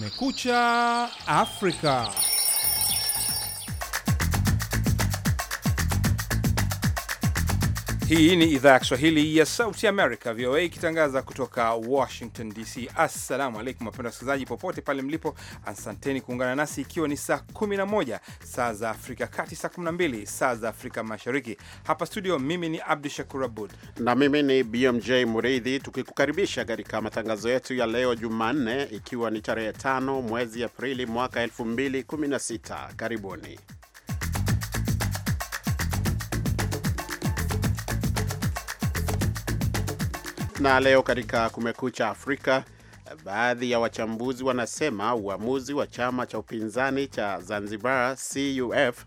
escucha África. Hii ni idhaa ya Kiswahili ya Sauti America, VOA, ikitangaza kutoka Washington DC. Assalamu alaikum wapenda wasikilizaji popote pale mlipo, asanteni kuungana nasi, ikiwa ni saa 11 saa za Afrika Kati, saa 12 saa za Afrika Mashariki. Hapa studio, mimi ni Abdu Shakur Abud na mimi ni BMJ Muridhi, tukikukaribisha katika matangazo yetu ya leo Jumanne, ikiwa ni tarehe 5 mwezi Aprili mwaka 2016. Karibuni. na leo katika Kumekucha Afrika, baadhi ya wachambuzi wanasema uamuzi wa chama cha upinzani cha Zanzibar CUF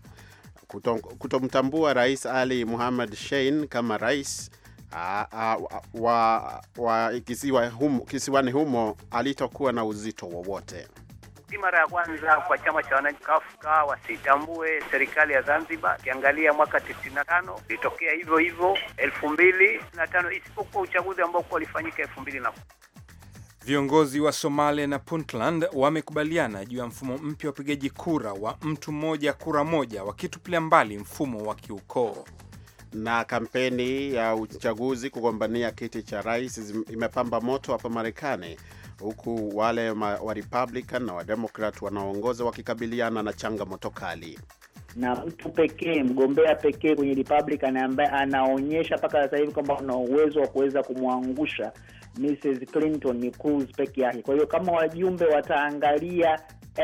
kutomtambua Rais Ali Muhammad Shein kama rais a, a, wa, wa kisiwani humo alitokuwa na uzito wowote si mara ya kwanza kwa chama cha wananchi kafka wasitambue serikali ya Zanzibar. Ukiangalia mwaka tano ilitokea hivyo hivyo, tano isipokuwa uchaguzi ambao kuwa ulifanyika 2000. Viongozi wa Somalia na Puntland wamekubaliana juu ya mfumo mpya wa upigaji kura wa mtu mmoja kura moja, wakitupilia mbali mfumo wa kiukoo na kampeni ya uchaguzi kugombania kiti cha rais imepamba moto hapa Marekani huku wale wa Republican na Wademokrat wanaoongoza wakikabiliana na changamoto kali na mtu pekee mgombea pekee kwenye Republican ambaye anaonyesha mpaka sasa hivi kwamba una uwezo wa kuweza kumwangusha Mrs Clinton ni Cruz peke yake. Kwa hiyo kama wajumbe wataangalia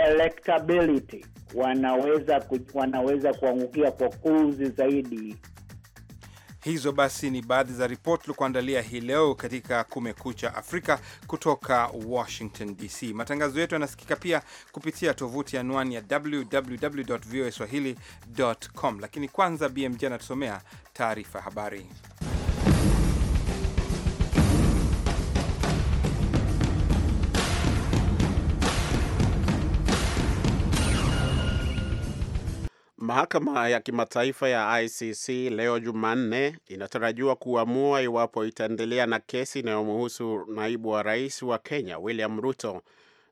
electability, wanaweza wanaweza kuangukia kwa Cruz zaidi Hizo basi ni baadhi za ripoti tuliokuandalia hii leo katika Kumekucha Afrika kutoka Washington DC. Matangazo yetu yanasikika pia kupitia tovuti anwani ya www voa swahili com, lakini kwanza BMJ anatusomea taarifa habari. Mahakama ya kimataifa ya ICC leo Jumanne inatarajiwa kuamua iwapo itaendelea na kesi inayomhusu naibu wa rais wa Kenya William Ruto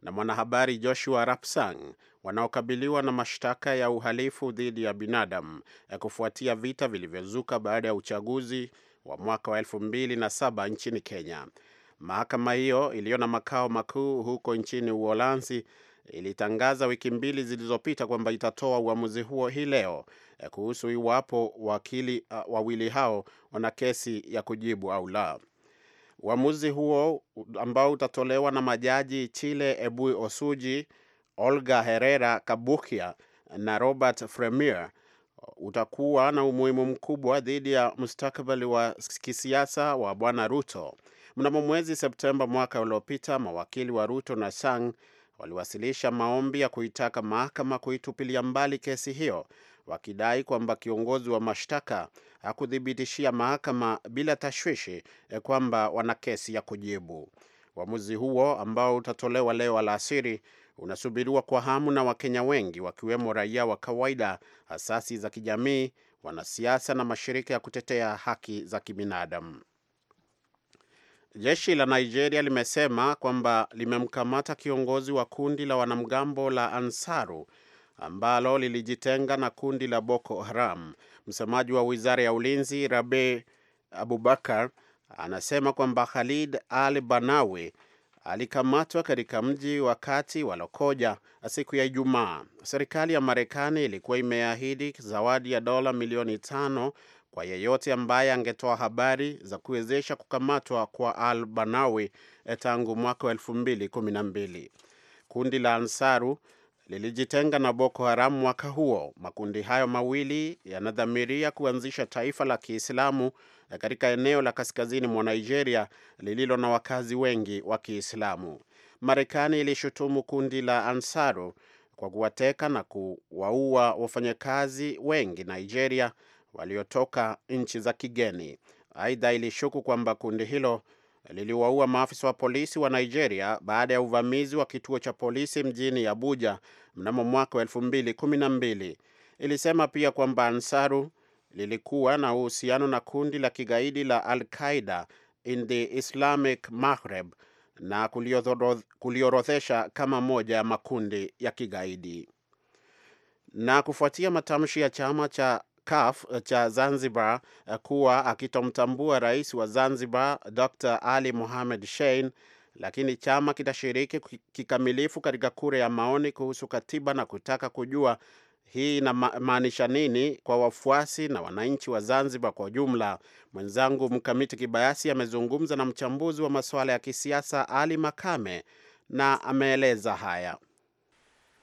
na mwanahabari Joshua Rapsang wanaokabiliwa na mashtaka ya uhalifu dhidi ya binadamu ya eh, kufuatia vita vilivyozuka baada ya uchaguzi wa mwaka wa 2007 nchini Kenya. Mahakama hiyo iliyo na makao makuu huko nchini Uholanzi ilitangaza wiki mbili zilizopita kwamba itatoa uamuzi huo hii leo eh, kuhusu iwapo wakili uh, wawili hao wana kesi ya kujibu au la. Uamuzi huo ambao utatolewa na majaji Chile Ebui Osuji, Olga Herrera Kabukia na Robert Fremier utakuwa na umuhimu mkubwa dhidi ya mustakabali wa kisiasa wa Bwana Ruto. Mnamo mwezi Septemba mwaka uliopita, mawakili wa Ruto na Sang waliwasilisha maombi ya kuitaka mahakama kuitupilia mbali kesi hiyo wakidai kwamba kiongozi wa mashtaka hakuthibitishia mahakama bila tashwishi e, kwamba wana kesi ya kujibu. Uamuzi huo ambao utatolewa leo alasiri unasubiriwa kwa hamu na Wakenya wengi wakiwemo raia wa kawaida, asasi za kijamii, wanasiasa na mashirika ya kutetea haki za kibinadamu. Jeshi la Nigeria limesema kwamba limemkamata kiongozi wa kundi la wanamgambo la Ansaru ambalo lilijitenga na kundi la Boko Haram. Msemaji wa wizara ya ulinzi Rabe Abubakar anasema kwamba Khalid Al Banawi alikamatwa katika mji wa kati wa Lokoja siku ya Ijumaa. Serikali ya Marekani ilikuwa imeahidi zawadi ya dola milioni tano kwa yeyote ambaye angetoa habari za kuwezesha kukamatwa kwa Al Banawi eh, tangu mwaka wa elfu mbili kumi na mbili. Kundi la Ansaru lilijitenga na Boko Haram mwaka huo. Makundi hayo mawili yanadhamiria kuanzisha taifa la Kiislamu eh, katika eneo la kaskazini mwa Nigeria lililo na wakazi wengi wa Kiislamu. Marekani ilishutumu kundi la Ansaru kwa kuwateka na kuwaua wafanyakazi wengi Nigeria waliotoka nchi za kigeni. Aidha, ilishuku kwamba kundi hilo liliwaua maafisa wa polisi wa Nigeria baada ya uvamizi wa kituo cha polisi mjini Abuja mnamo mwaka wa elfu mbili kumi na mbili. Ilisema pia kwamba Ansaru lilikuwa na uhusiano na kundi la kigaidi la Al Qaida in the Islamic Maghreb na kuliorodhesha kama moja ya makundi ya kigaidi. Na kufuatia matamshi ya chama cha CAF eh, cha Zanzibar eh, kuwa akitomtambua rais wa Zanzibar Dr. Ali Mohamed Shein, lakini chama kitashiriki kikamilifu katika kura ya maoni kuhusu katiba na kutaka kujua hii inamaanisha nini kwa wafuasi na wananchi wa Zanzibar kwa ujumla. Mwenzangu Mkamiti Kibayasi amezungumza na mchambuzi wa masuala ya kisiasa Ali Makame na ameeleza haya.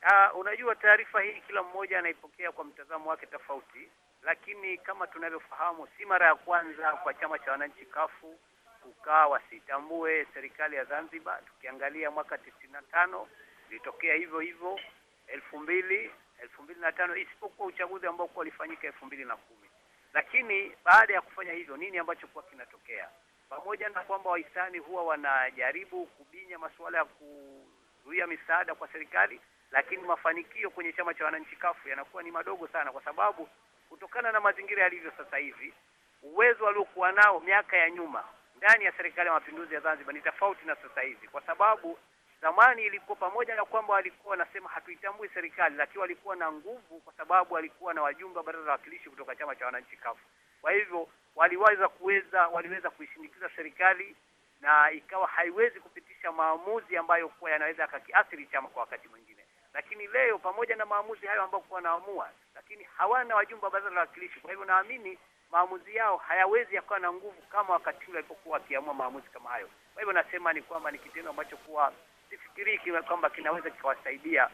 Uh, unajua taarifa hii kila mmoja anaipokea kwa mtazamo wake tofauti, lakini kama tunavyofahamu, si mara ya kwanza kwa chama cha wananchi kafu kukaa wasitambue serikali ya Zanzibar. Tukiangalia mwaka tisini na tano ilitokea hivyo hivyo, elfu mbili elfu mbili na tano isipokuwa uchaguzi ambao kwa ulifanyika elfu mbili na kumi Lakini baada ya kufanya hivyo, nini ambacho kwa kinatokea? Pamoja na kwamba wahisani huwa wanajaribu kubinya masuala ya kuzuia misaada kwa serikali lakini mafanikio kwenye chama cha wananchi kafu yanakuwa ni madogo sana, kwa sababu kutokana na mazingira yalivyo sasa hivi, uwezo waliokuwa nao miaka ya nyuma ndani ya serikali ya mapinduzi ya Zanzibar ni tofauti na sasa hivi, kwa sababu zamani ilikuwa pamoja na kwamba walikuwa wanasema hatuitambui serikali, lakini walikuwa na nguvu, kwa sababu walikuwa na wajumbe wa baraza la wawakilishi kutoka chama cha wananchi kafu. Kwa hivyo waliweza kuweza waliweza kuishindikiza serikali na ikawa haiwezi kupitisha maamuzi ambayo kwa yanaweza yakakiathiri chama kwa wakati mwingine. Lakini leo pamoja na maamuzi hayo ambayo wanaamua, lakini hawana wajumbe wa baraza la wawakilishi. Kwa hivyo naamini maamuzi yao hayawezi yakawa na nguvu kama wakati ule alipokuwa akiamua maamuzi kama hayo. Kwa hivyo nasema ni kwamba ni kitendo ambacho kuwa sifikirii kwamba kinaweza kikawasaidia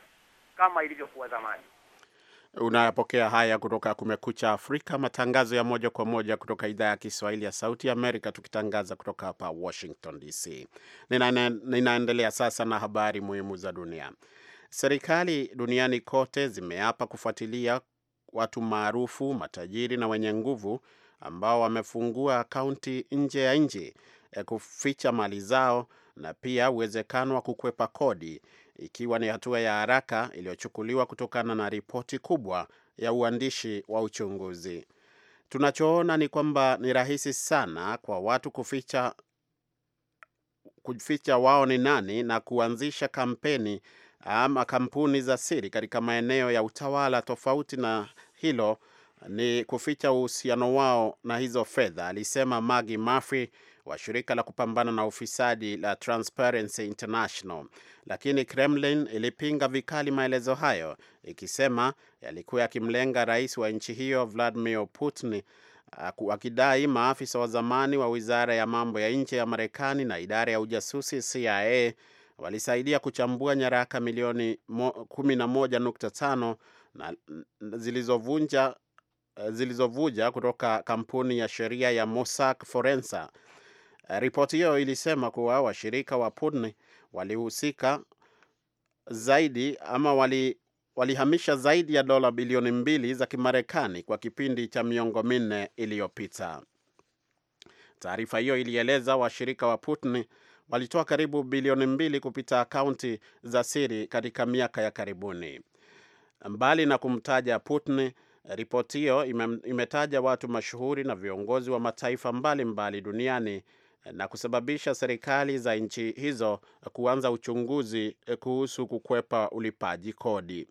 kama ilivyokuwa zamani. Unayapokea haya kutoka Kumekucha Afrika, matangazo ya moja kwa moja kutoka idhaa ya Kiswahili ya Sauti Amerika, tukitangaza kutoka hapa Washington DC. Ninaendelea sasa na habari muhimu za dunia. Serikali duniani kote zimeapa kufuatilia watu maarufu, matajiri na wenye nguvu ambao wamefungua akaunti nje ya nchi eh, kuficha mali zao na pia uwezekano wa kukwepa kodi, ikiwa ni hatua ya haraka iliyochukuliwa kutokana na ripoti kubwa ya uandishi wa uchunguzi. Tunachoona ni kwamba ni rahisi sana kwa watu kuficha kuficha wao ni nani na kuanzisha kampeni ama kampuni za siri katika maeneo ya utawala tofauti na hilo ni kuficha uhusiano wao na hizo fedha, alisema Maggie Murphy wa shirika la kupambana na ufisadi la Transparency International. Lakini Kremlin ilipinga vikali maelezo hayo, ikisema yalikuwa yakimlenga rais wa nchi hiyo Vladimir Putin, akidai maafisa wa zamani wa wizara ya mambo ya nje ya Marekani na idara ya ujasusi CIA walisaidia kuchambua nyaraka milioni 11.5 na zilizovunja eh, zilizovuja kutoka kampuni ya sheria ya Mossack Forensa. Eh, ripoti hiyo ilisema kuwa washirika wa Putney walihusika zaidi ama wali walihamisha zaidi ya dola bilioni mbili za Kimarekani kwa kipindi cha miongo minne iliyopita. Taarifa hiyo ilieleza washirika wa Putin walitoa karibu bilioni mbili kupita akaunti za siri katika miaka ya karibuni. Mbali na kumtaja Putin, ripoti hiyo imetaja watu mashuhuri na viongozi wa mataifa mbalimbali mbali duniani na kusababisha serikali za nchi hizo kuanza uchunguzi kuhusu kukwepa ulipaji kodi.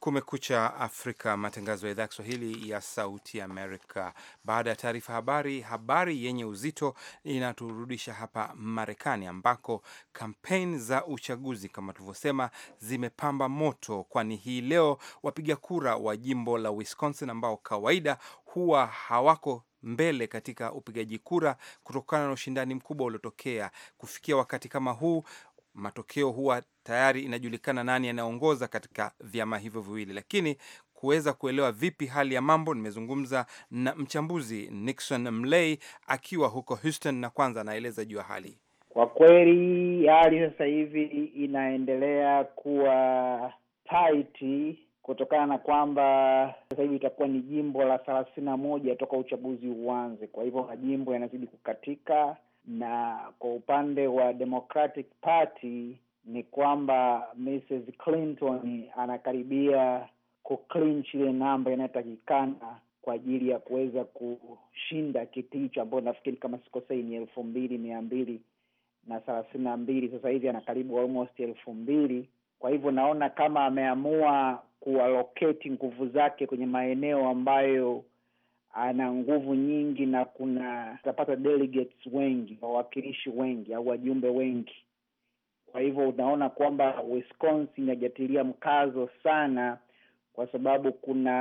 Kumekucha Afrika, matangazo ya idhaa ya Kiswahili ya Sauti Amerika. Baada ya taarifa habari, habari yenye uzito inaturudisha hapa Marekani, ambako kampeni za uchaguzi kama tulivyosema zimepamba moto, kwani hii leo wapiga kura wa jimbo la Wisconsin ambao kawaida huwa hawako mbele katika upigaji kura kutokana na ushindani mkubwa uliotokea kufikia wakati kama huu matokeo huwa tayari inajulikana nani anaongoza katika vyama hivyo viwili, lakini kuweza kuelewa vipi hali ya mambo, nimezungumza na mchambuzi Nixon Mlay akiwa huko Houston, na kwanza anaeleza juu ya hali. Kwa kweli hali sasa hivi inaendelea kuwa tight kutokana na kwamba sasa hivi itakuwa ni jimbo la thelathini na moja toka uchaguzi uanze. Kwa hivyo majimbo yanazidi kukatika, na kwa upande wa Democratic Party ni kwamba Mrs Clinton anakaribia kuclinch ile namba inayotakikana kwa ajili ya kuweza kushinda kiti hicho, ambayo nafikiri kama sikosei ni elfu mbili mia mbili na thelathini na mbili. Sasa hivi anakaribu almost elfu mbili. Kwa hivyo naona kama ameamua kuwaloketi nguvu zake kwenye maeneo ambayo ana nguvu nyingi na kuna atapata delegates wengi, wawakilishi wengi au wajumbe wengi kwa hivyo unaona kwamba Wisconsin hajatilia mkazo sana, kwa sababu kuna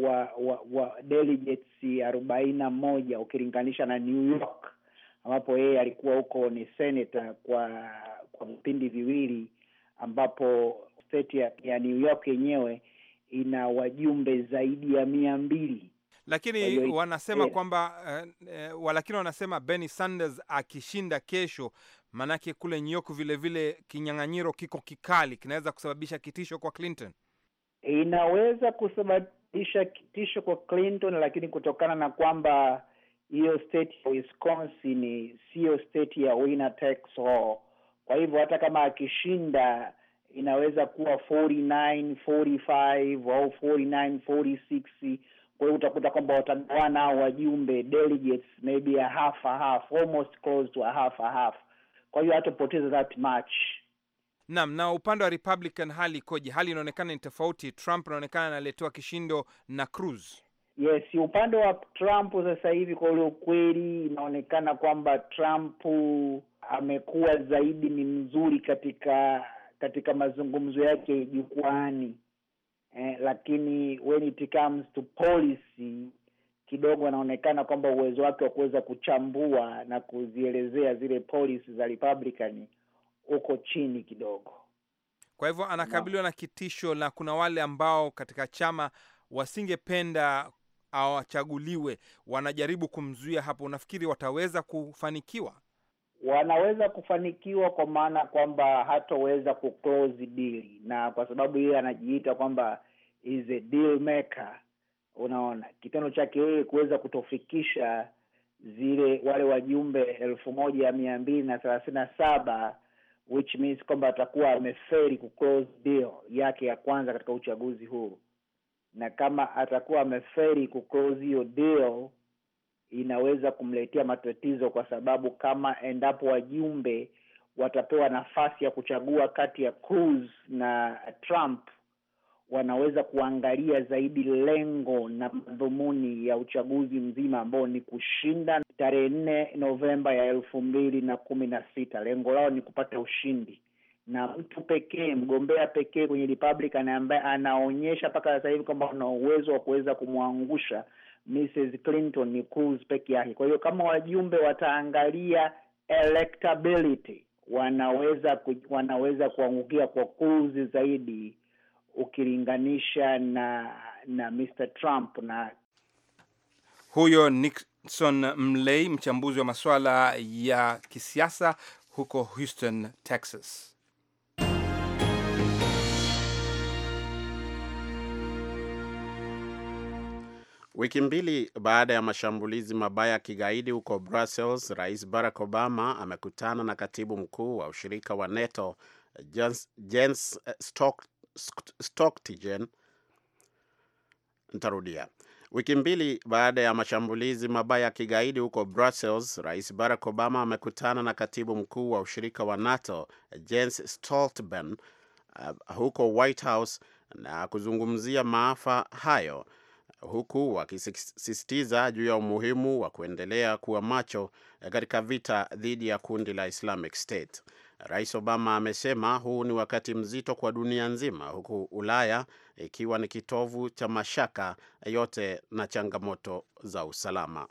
wa, wa, wa delegates arobaini na moja ukilinganisha na New York ambapo yeye alikuwa huko ni senator kwa kwa vipindi viwili, ambapo state ya New York yenyewe ina wajumbe zaidi ya mia mbili lakini wanasema eh. kwamba eh, eh walakini wanasema Bernie Sanders akishinda kesho, maanake kule New York vile vile kinyang'anyiro kiko kikali, kinaweza kusababisha kitisho kwa Clinton. Inaweza kusababisha kitisho kwa Clinton, lakini kutokana na kwamba hiyo state ya Wisconsin siyo state ya winner takes all, kwa hivyo hata kama akishinda inaweza kuwa 49 45 au 49 46 kwa hiyo utakuta kwamba watagawana wajumbe delegates maybe a half a half almost close to a half a half. Kwa hiyo hatopoteza that much. Naam, na upande wa Republican hali ikoje? Hali inaonekana ni tofauti. Trump anaonekana analetewa kishindo na Cruz. Yes, upande wa Trump sasa hivi kwa ule ukweli, inaonekana kwamba Trump amekuwa zaidi ni mzuri katika katika mazungumzo yake jukwaani eh, lakini when it comes to policy kidogo anaonekana kwamba uwezo wake wa kuweza kuchambua na kuzielezea zile policy za Republican uko chini kidogo. Kwa hivyo anakabiliwa no. na kitisho, na kuna wale ambao katika chama wasingependa awachaguliwe, wanajaribu kumzuia hapo. Unafikiri wataweza kufanikiwa? Wanaweza kufanikiwa kwa maana kwamba hatoweza kuclose deal, na kwa sababu yeye anajiita kwamba is a deal maker. Unaona kitendo chake yeye kuweza kutofikisha zile wale wajumbe elfu moja mia mbili na thelathini na saba which means kwamba atakuwa ameferi kuclose deal yake ya kwanza katika uchaguzi huu, na kama atakuwa ameferi kuclose hiyo deal inaweza kumletea matatizo, kwa sababu kama endapo wajumbe watapewa nafasi ya kuchagua kati ya Cruz na Trump wanaweza kuangalia zaidi lengo na madhumuni ya uchaguzi mzima ambao ni kushinda tarehe nne Novemba ya elfu mbili na kumi na sita. Lengo lao ni kupata ushindi na mtu pekee, mgombea pekee kwenye Republican ambaye anaonyesha mpaka sasa hivi kwamba una uwezo wa kuweza kumwangusha Mrs Clinton ni Cruz peke yake. Kwa hiyo kama wajumbe wataangalia electability, wanaweza wanaweza kuangukia kwa Cruz zaidi ukilinganisha na na Mr Trump na huyo Nixon Mlei, mchambuzi wa masuala ya kisiasa huko Houston, Texas. Wiki mbili baada ya mashambulizi mabaya ya kigaidi huko Brussels, Rais Barack Obama amekutana na katibu mkuu wa ushirika wa NATO Jens Stoltenberg Stockton. Ntarudia. Wiki mbili baada ya mashambulizi mabaya ya kigaidi huko Brussels, Rais Barack Obama amekutana na katibu mkuu wa ushirika wa NATO Jens Stoltenberg uh, huko White House na kuzungumzia maafa hayo huku wakisisitiza juu ya umuhimu wa kuendelea kuwa macho eh, katika vita dhidi ya kundi la Islamic State. Rais Obama amesema huu ni wakati mzito kwa dunia nzima, huku Ulaya ikiwa ni kitovu cha mashaka yote na changamoto za usalama.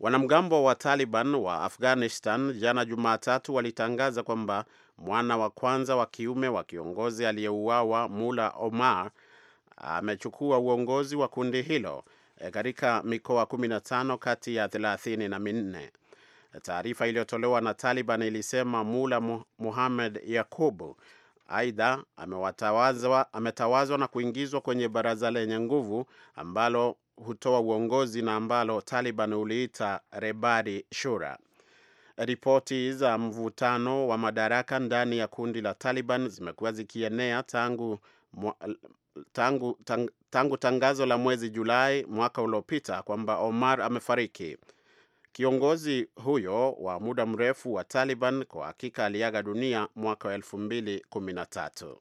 Wanamgambo wa Taliban wa Afghanistan jana Jumatatu walitangaza kwamba mwana wa kwanza wa kiume wa kiongozi aliyeuawa Mula Omar amechukua uongozi wa kundi hilo eh, katika mikoa 15 kati ya na minne Taarifa iliyotolewa na Taliban ilisema Mula Muhamed Yakubu aidha ametawazwa na kuingizwa kwenye baraza lenye nguvu ambalo hutoa uongozi na ambalo Taliban uliita Rebari Shura. Ripoti za mvutano wa madaraka ndani ya kundi la Taliban zimekuwa zikienea tangu, tangu, tangu tangazo la mwezi Julai mwaka uliopita kwamba Omar amefariki. Kiongozi huyo wa muda mrefu wa Taliban kwa hakika aliaga dunia mwaka wa tatu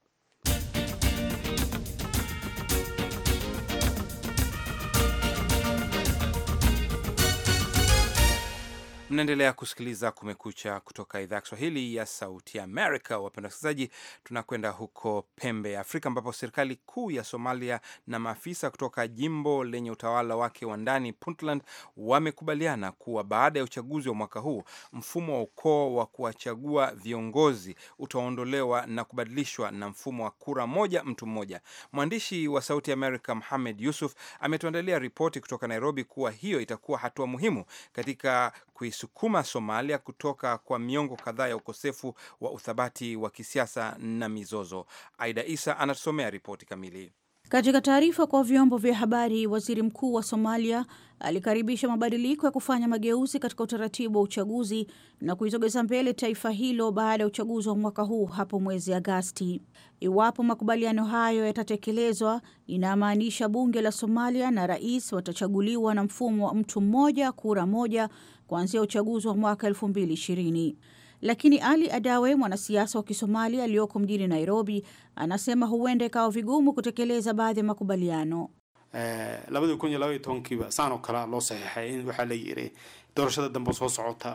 Mnaendelea kusikiliza Kumekucha kutoka idhaa ya Kiswahili ya Sauti Amerika. Wapenda wasikilizaji, tunakwenda huko pembe ya Afrika ambapo serikali kuu ya Somalia na maafisa kutoka jimbo lenye utawala wake wa ndani Puntland wamekubaliana kuwa baada ya uchaguzi wa mwaka huu mfumo wa ukoo wa kuwachagua viongozi utaondolewa na kubadilishwa na mfumo wa kura moja mtu mmoja. Mwandishi wa Sauti Amerika Muhamed Yusuf ametuandalia ripoti kutoka Nairobi kuwa hiyo itakuwa hatua muhimu katika kuis kuisukuma Somalia kutoka kwa miongo kadhaa ya ukosefu wa uthabati wa kisiasa na mizozo. Aida Isa anatusomea ripoti kamili. Katika taarifa kwa vyombo vya habari, waziri mkuu wa Somalia alikaribisha mabadiliko ya kufanya mageuzi katika utaratibu wa uchaguzi na kuisogeza mbele taifa hilo baada ya uchaguzi wa mwaka huu hapo mwezi Agasti. Iwapo makubaliano hayo yatatekelezwa, inamaanisha bunge la Somalia na rais watachaguliwa na mfumo wa mtu mmoja kura moja kuanzia uchaguzi wa mwaka elfu mbili ishirini. Lakini Ali Adawe, mwanasiasa wa Kisomali aliyoko mjini Nairobi, anasema huenda ikawa vigumu kutekeleza baadhi ya makubaliano. Eh,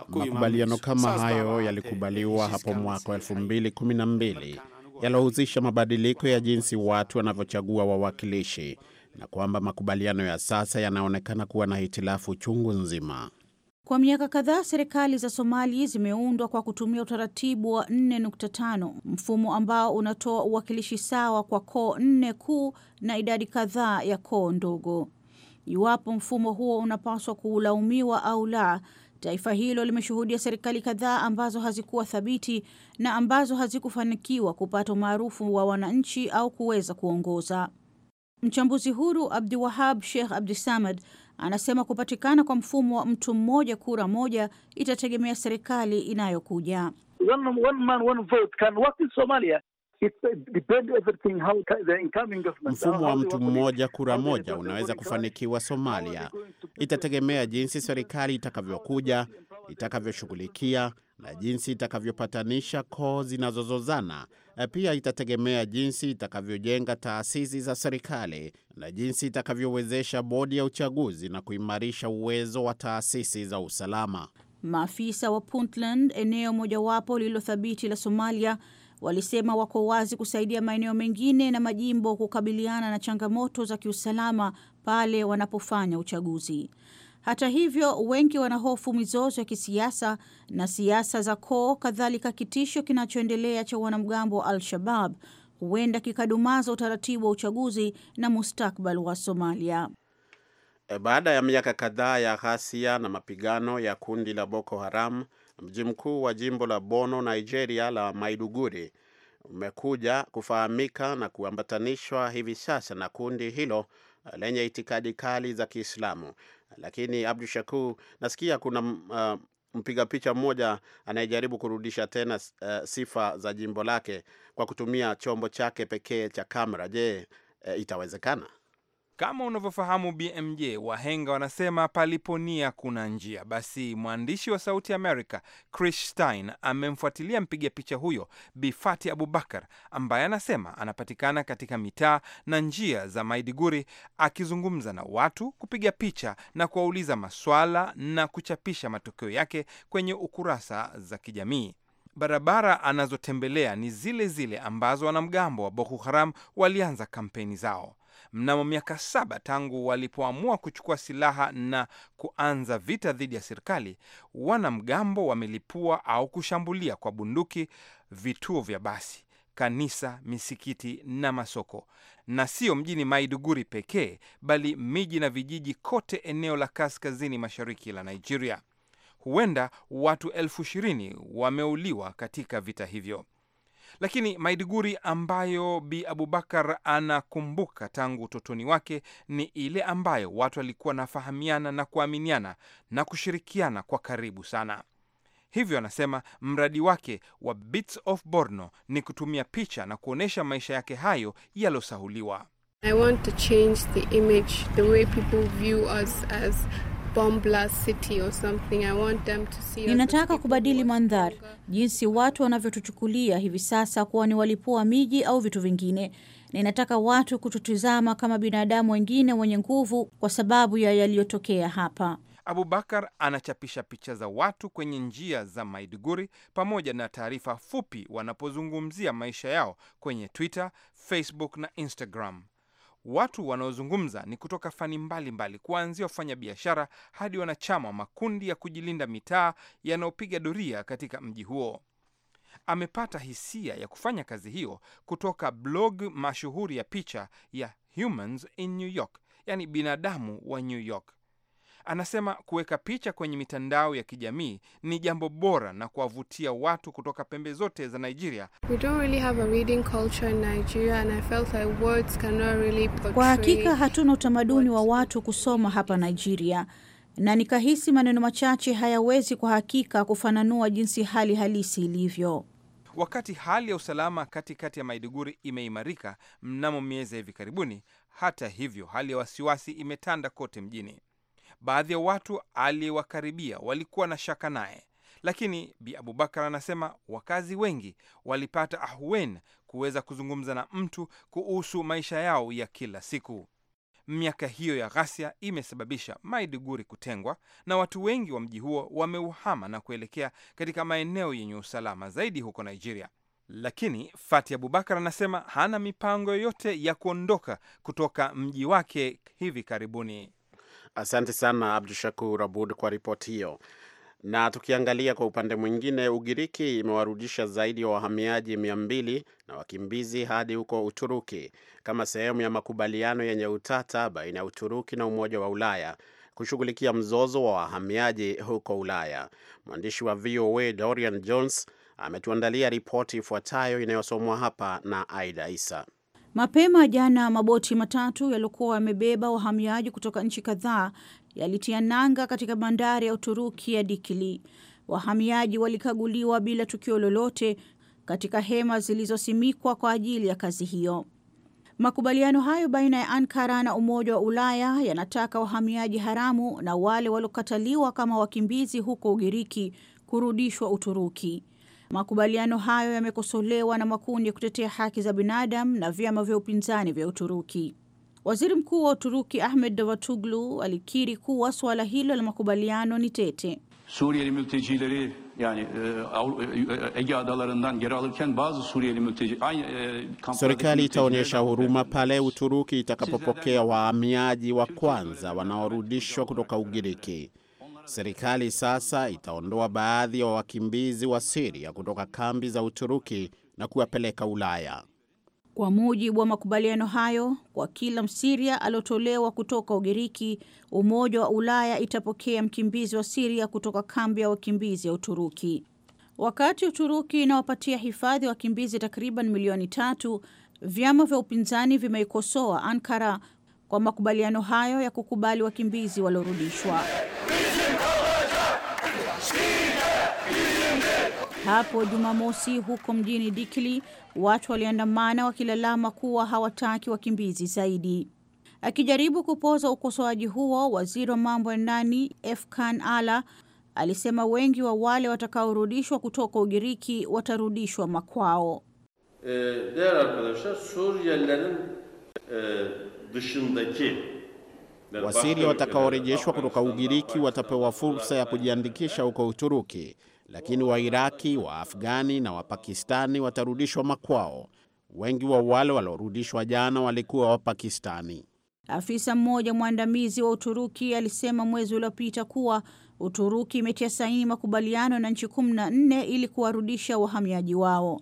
makubaliano kama hayo eh, yalikubaliwa eh, hapo mwaka wa elfu mbili kumi na mbili yalohusisha mabadiliko ya jinsi watu wanavyochagua wawakilishi na kwamba makubaliano ya sasa yanaonekana kuwa na hitilafu chungu nzima. Kwa miaka kadhaa serikali za Somali zimeundwa kwa kutumia utaratibu wa 4.5, mfumo ambao unatoa uwakilishi sawa kwa koo nne kuu na idadi kadhaa ya koo ndogo. Iwapo mfumo huo unapaswa kuulaumiwa au la, taifa hilo limeshuhudia serikali kadhaa ambazo hazikuwa thabiti na ambazo hazikufanikiwa kupata umaarufu wa wananchi au kuweza kuongoza. Mchambuzi huru wahab Sheikh Abdusamad anasema kupatikana kwa mfumo wa mtu mmoja kura moja itategemea serikali inayokuja. Mfumo wa mtu mmoja kura moja unaweza kufanikiwa Somalia. Itategemea jinsi serikali itakavyokuja itakavyoshughulikia na jinsi itakavyopatanisha koo zinazozozana. Pia itategemea jinsi itakavyojenga taasisi za serikali na jinsi itakavyowezesha bodi ya uchaguzi na kuimarisha uwezo wa taasisi za usalama. Maafisa wa Puntland, eneo mojawapo lililothabiti la Somalia, walisema wako wazi kusaidia maeneo mengine na majimbo kukabiliana na changamoto za kiusalama pale wanapofanya uchaguzi. Hata hivyo, wengi wanahofu mizozo ya kisiasa na siasa za koo, kadhalika kitisho kinachoendelea cha wanamgambo wa Al-Shabab huenda kikadumaza utaratibu wa uchaguzi na mustakbal wa Somalia. E, baada ya miaka kadhaa ya ghasia na mapigano ya kundi la Boko Haram, mji mkuu wa jimbo la bono Nigeria, la Maiduguri umekuja kufahamika na kuambatanishwa hivi sasa na kundi hilo lenye itikadi kali za Kiislamu. Lakini Abdu Shakur, nasikia kuna uh, mpiga picha mmoja anayejaribu kurudisha tena uh, sifa za jimbo lake kwa kutumia chombo chake pekee cha kamera. Je, uh, itawezekana? Kama unavyofahamu BMJ, wahenga wanasema paliponia kuna njia. Basi mwandishi wa Sauti America Chris Stein amemfuatilia mpiga picha huyo Bifati Abubakar ambaye anasema anapatikana katika mitaa na njia za Maidiguri akizungumza na watu, kupiga picha na kuwauliza maswala na kuchapisha matokeo yake kwenye ukurasa za kijamii. Barabara anazotembelea ni zile zile ambazo wanamgambo wa Boko Haram walianza kampeni zao mnamo miaka saba tangu walipoamua kuchukua silaha na kuanza vita dhidi ya serikali, wanamgambo wamelipua au kushambulia kwa bunduki vituo vya basi, kanisa, misikiti na masoko, na sio mjini Maiduguri pekee, bali miji na vijiji kote eneo la kaskazini mashariki la Nigeria. Huenda watu elfu ishirini wameuliwa katika vita hivyo. Lakini Maiduguri ambayo Bi Abubakar anakumbuka tangu utotoni wake ni ile ambayo watu walikuwa wanafahamiana na kuaminiana na kushirikiana kwa karibu sana. Hivyo anasema mradi wake wa Bits of Borno ni kutumia picha na kuonyesha maisha yake hayo yaliyosahuliwa. I want to change the image, the way people view us as Ninataka kubadili mandhari, jinsi watu wanavyotuchukulia hivi sasa kuwa ni walipua miji au vitu vingine. Ninataka watu kututizama kama binadamu wengine wenye nguvu kwa sababu ya yaliyotokea hapa. Abubakar anachapisha picha za watu kwenye njia za Maiduguri pamoja na taarifa fupi wanapozungumzia maisha yao kwenye Twitter, Facebook na Instagram. Watu wanaozungumza ni kutoka fani mbalimbali, kuanzia wafanya biashara hadi wanachama wa makundi ya kujilinda mitaa yanayopiga doria katika mji huo. Amepata hisia ya kufanya kazi hiyo kutoka blog mashuhuri ya picha ya Humans in New York, yani binadamu wa New York. Anasema kuweka picha kwenye mitandao ya kijamii ni jambo bora na kuwavutia watu kutoka pembe zote za Nigeria. Kwa hakika hatuna utamaduni wa watu kusoma hapa Nigeria, na nikahisi maneno machache hayawezi kwa hakika kufananua jinsi hali halisi ilivyo. Wakati hali ya usalama katikati ya Maiduguri imeimarika mnamo miezi ya hivi karibuni, hata hivyo, hali ya wasiwasi imetanda kote mjini. Baadhi ya watu aliyewakaribia walikuwa na shaka naye, lakini Bi Abubakar anasema wakazi wengi walipata ahuen kuweza kuzungumza na mtu kuhusu maisha yao ya kila siku. Miaka hiyo ya ghasia imesababisha Maiduguri kutengwa na watu wengi wa mji huo wameuhama na kuelekea katika maeneo yenye usalama zaidi huko Nigeria. Lakini Fati Abubakar anasema hana mipango yoyote ya kuondoka kutoka mji wake hivi karibuni. Asante sana Abdu Shakur Abud kwa ripoti hiyo. Na tukiangalia kwa upande mwingine, Ugiriki imewarudisha zaidi ya wa wahamiaji mia mbili na wakimbizi hadi huko Uturuki kama sehemu ya makubaliano yenye utata baina ya Uturuki na Umoja wa Ulaya kushughulikia mzozo wa wahamiaji huko Ulaya. Mwandishi wa VOA Dorian Jones ametuandalia ripoti ifuatayo inayosomwa hapa na Aida Isa. Mapema jana maboti matatu yaliokuwa yamebeba wahamiaji kutoka nchi kadhaa yalitia nanga katika bandari ya Uturuki ya Dikili. Wahamiaji walikaguliwa bila tukio lolote katika hema zilizosimikwa kwa ajili ya kazi hiyo. Makubaliano hayo baina ya Ankara na Umoja wa Ulaya yanataka wahamiaji haramu na wale waliokataliwa kama wakimbizi huko Ugiriki kurudishwa Uturuki. Makubaliano hayo yamekosolewa na makundi ya kutetea haki za binadamu na vyama vya upinzani vya Uturuki. Waziri Mkuu wa Uturuki Ahmed Davutoglu alikiri kuwa suala hilo la makubaliano ni tete. Suriyeli mültecileri yani e, e, e, Ege adalarından geri alırken bazı Suriyeli mülteci aynı serikali itaonyesha huruma pale Uturuki itakapopokea wahamiaji wa kwanza wanaorudishwa kutoka Ugiriki serikali sasa itaondoa baadhi ya wa wakimbizi wa Siria kutoka kambi za Uturuki na kuwapeleka Ulaya. Kwa mujibu wa makubaliano hayo, kwa kila Msiria aliotolewa kutoka Ugiriki, Umoja wa Ulaya itapokea mkimbizi wa Siria kutoka kambi ya wakimbizi ya Uturuki. Wakati Uturuki inawapatia hifadhi wakimbizi takriban milioni tatu, vyama vya upinzani vimeikosoa Ankara kwa makubaliano hayo ya kukubali wakimbizi waliorudishwa. Hapo Jumamosi huko mjini Dikili, watu waliandamana wakilalama kuwa hawataki wakimbizi zaidi. Akijaribu kupoza ukosoaji huo, waziri wa mambo ya ndani Efkan Ala alisema wengi wa wale watakaorudishwa kutoka Ugiriki watarudishwa makwao. E, değerli arkadaşlar Suriyelilerin e, dışındaki Wasiria watakaorejeshwa kutoka Ugiriki watapewa fursa ya kujiandikisha huko Uturuki lakini Wairaki, afghani na Wapakistani watarudishwa makwao. Wengi wa wale waliorudishwa jana walikuwa Wapakistani. Afisa mmoja mwandamizi wa Uturuki alisema mwezi uliopita kuwa Uturuki imetia saini makubaliano na nchi kumi na nne ili kuwarudisha wahamiaji wao.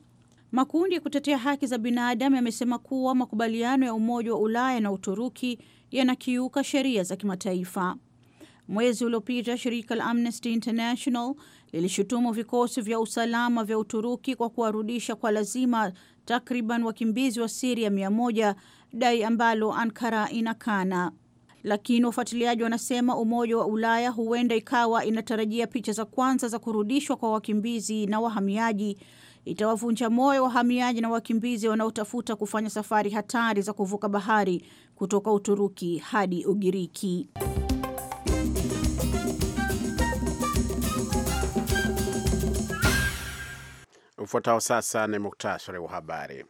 Makundi ya kutetea haki za binadamu yamesema kuwa makubaliano ya Umoja wa Ulaya na Uturuki yanakiuka sheria za kimataifa. Mwezi uliopita shirika la Amnesty International lilishutumu vikosi vya usalama vya Uturuki kwa kuwarudisha kwa lazima takriban wakimbizi wa Siria mia moja, dai ambalo Ankara inakana. Lakini wafuatiliaji wanasema Umoja wa Ulaya huenda ikawa inatarajia picha za kwanza za kurudishwa kwa wakimbizi na wahamiaji itawavunja moyo wahamiaji na wakimbizi wanaotafuta kufanya safari hatari za kuvuka bahari kutoka Uturuki hadi Ugiriki. Ufuatao sasa ni muktasari wa habari.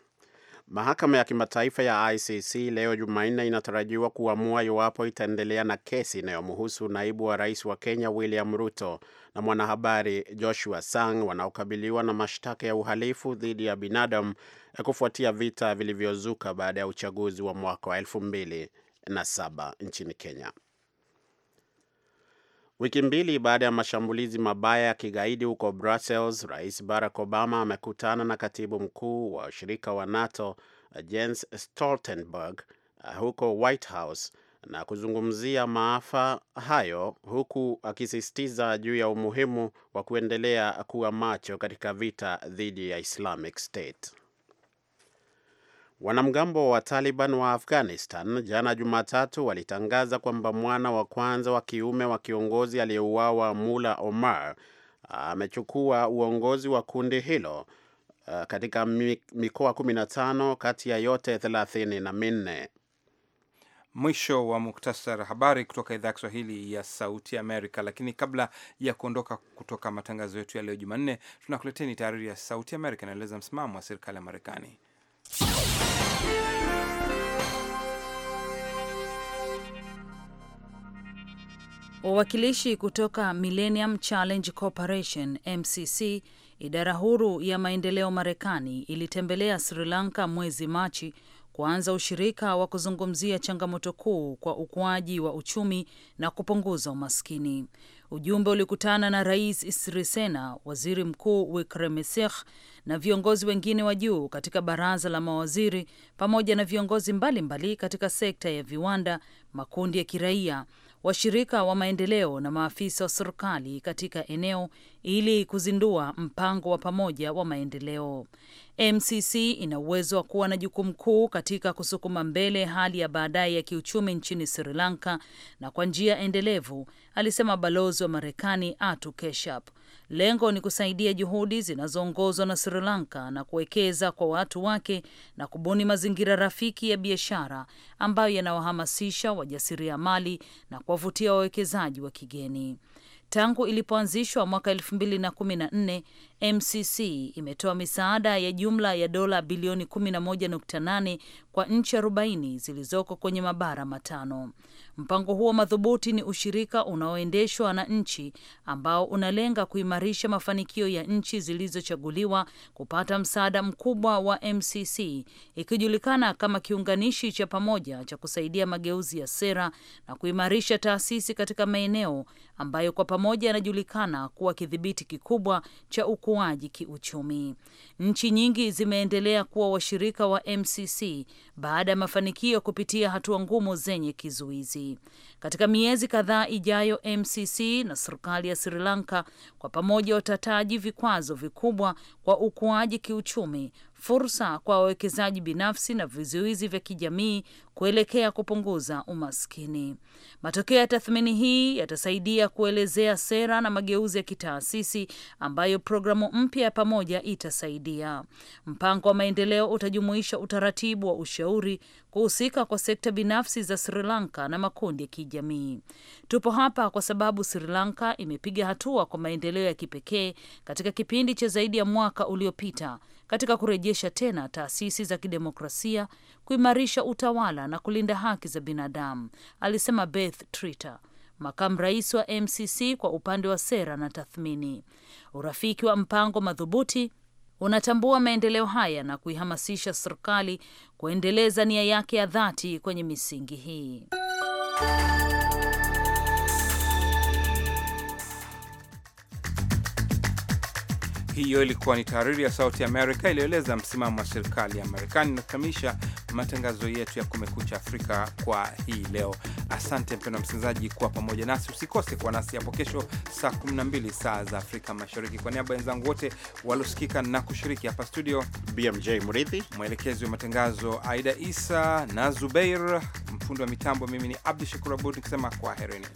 Mahakama ya kimataifa ya ICC leo Jumanne inatarajiwa kuamua iwapo itaendelea na kesi inayomhusu naibu wa rais wa Kenya William Ruto na mwanahabari Joshua Sang wanaokabiliwa na mashtaka ya uhalifu dhidi ya binadamu ya eh, kufuatia vita vilivyozuka baada ya uchaguzi wa mwaka wa elfu mbili na saba nchini Kenya. Wiki mbili baada ya mashambulizi mabaya ya kigaidi huko Brussels, Rais Barack Obama amekutana na katibu mkuu wa ushirika wa NATO Jens Stoltenberg uh, huko White House na kuzungumzia maafa hayo huku akisisitiza juu ya umuhimu wa kuendelea kuwa macho katika vita dhidi ya Islamic State. Wanamgambo wa Taliban wa Afghanistan jana Jumatatu walitangaza kwamba mwana wa kwanza wa kiume wa kiongozi aliyeuawa Mula Omar amechukua uongozi wa kundi hilo eh, katika mikoa 15 kati ya yote thelathini na minne. Mwisho wa muktasar habari kutoka idhaa ya Kiswahili ya Sauti Amerika. Lakini kabla ya kuondoka kutoka matangazo yetu ya leo Jumanne, tunakuleteni taarifa ya Sauti Amerika inaeleza msimamo wa serikali ya Marekani. Wawakilishi kutoka Millennium Challenge Corporation MCC, idara huru ya maendeleo Marekani, ilitembelea Sri Lanka mwezi Machi kuanza ushirika wa kuzungumzia changamoto kuu kwa ukuaji wa uchumi na kupunguza umaskini. Ujumbe ulikutana na Rais Sirisena, Waziri Mkuu Wickremesinghe na viongozi wengine wa juu katika baraza la mawaziri pamoja na viongozi mbalimbali mbali katika sekta ya viwanda, makundi ya kiraia washirika wa maendeleo na maafisa wa serikali katika eneo ili kuzindua mpango wa pamoja wa maendeleo. MCC ina uwezo wa kuwa na jukumu kuu katika kusukuma mbele hali ya baadaye ya kiuchumi nchini Sri Lanka na kwa njia endelevu, alisema balozi wa Marekani Atu Keshap. Lengo ni kusaidia juhudi zinazoongozwa na Sri Lanka na kuwekeza kwa watu wake na kubuni mazingira rafiki ya biashara ambayo yanawahamasisha wajasiriamali na kuwavutia wawekezaji wa kigeni. Tangu ilipoanzishwa mwaka 2014 MCC imetoa misaada ya jumla ya dola bilioni 11.8 kwa nchi 40 zilizoko kwenye mabara matano. Mpango huo madhubuti ni ushirika unaoendeshwa na nchi ambao unalenga kuimarisha mafanikio ya nchi zilizochaguliwa kupata msaada mkubwa wa MCC, ikijulikana kama kiunganishi cha pamoja cha kusaidia mageuzi ya sera na kuimarisha taasisi katika maeneo ambayo kwa pamoja yanajulikana kuwa kidhibiti kikubwa cha ukuaji ukuaji kiuchumi. Nchi nyingi zimeendelea kuwa washirika wa MCC baada ya mafanikio kupitia hatua ngumu zenye kizuizi. Katika miezi kadhaa ijayo, MCC na serikali ya Sri Lanka kwa pamoja watataji vikwazo vikubwa kwa ukuaji kiuchumi fursa kwa wawekezaji binafsi na vizuizi vya kijamii kuelekea kupunguza umaskini. Matokeo ya tathmini hii yatasaidia kuelezea sera na mageuzi ya kitaasisi ambayo programu mpya ya pamoja itasaidia. Mpango wa maendeleo utajumuisha utaratibu wa ushauri, kuhusika kwa sekta binafsi za Sri Lanka na makundi ya kijamii. Tupo hapa kwa sababu Sri Lanka imepiga hatua kwa maendeleo ya kipekee katika kipindi cha zaidi ya mwaka uliopita katika kurejesha tena taasisi za kidemokrasia, kuimarisha utawala na kulinda haki za binadamu, alisema Beth Tritter, makamu rais wa MCC kwa upande wa sera na tathmini. Urafiki wa mpango madhubuti unatambua maendeleo haya na kuihamasisha serikali kuendeleza nia yake ya dhati kwenye misingi hii. Hiyo ilikuwa ni tahariri ya Sauti ya Amerika iliyoeleza msimamo wa serikali ya Marekani. Inakamilisha matangazo yetu ya Kumekucha Afrika kwa hii leo. Asante mpendwa msikilizaji kuwa pamoja nasi. Usikose kuwa nasi hapo kesho saa 12 saa za Afrika Mashariki. Kwa niaba ya wenzangu wote waliosikika na kushiriki hapa studio, BMJ Murithi mwelekezi wa matangazo, Aida Isa na Zubeir mfundi wa mitambo, mimi ni Abdu Shakur Abud nikisema kwaherini.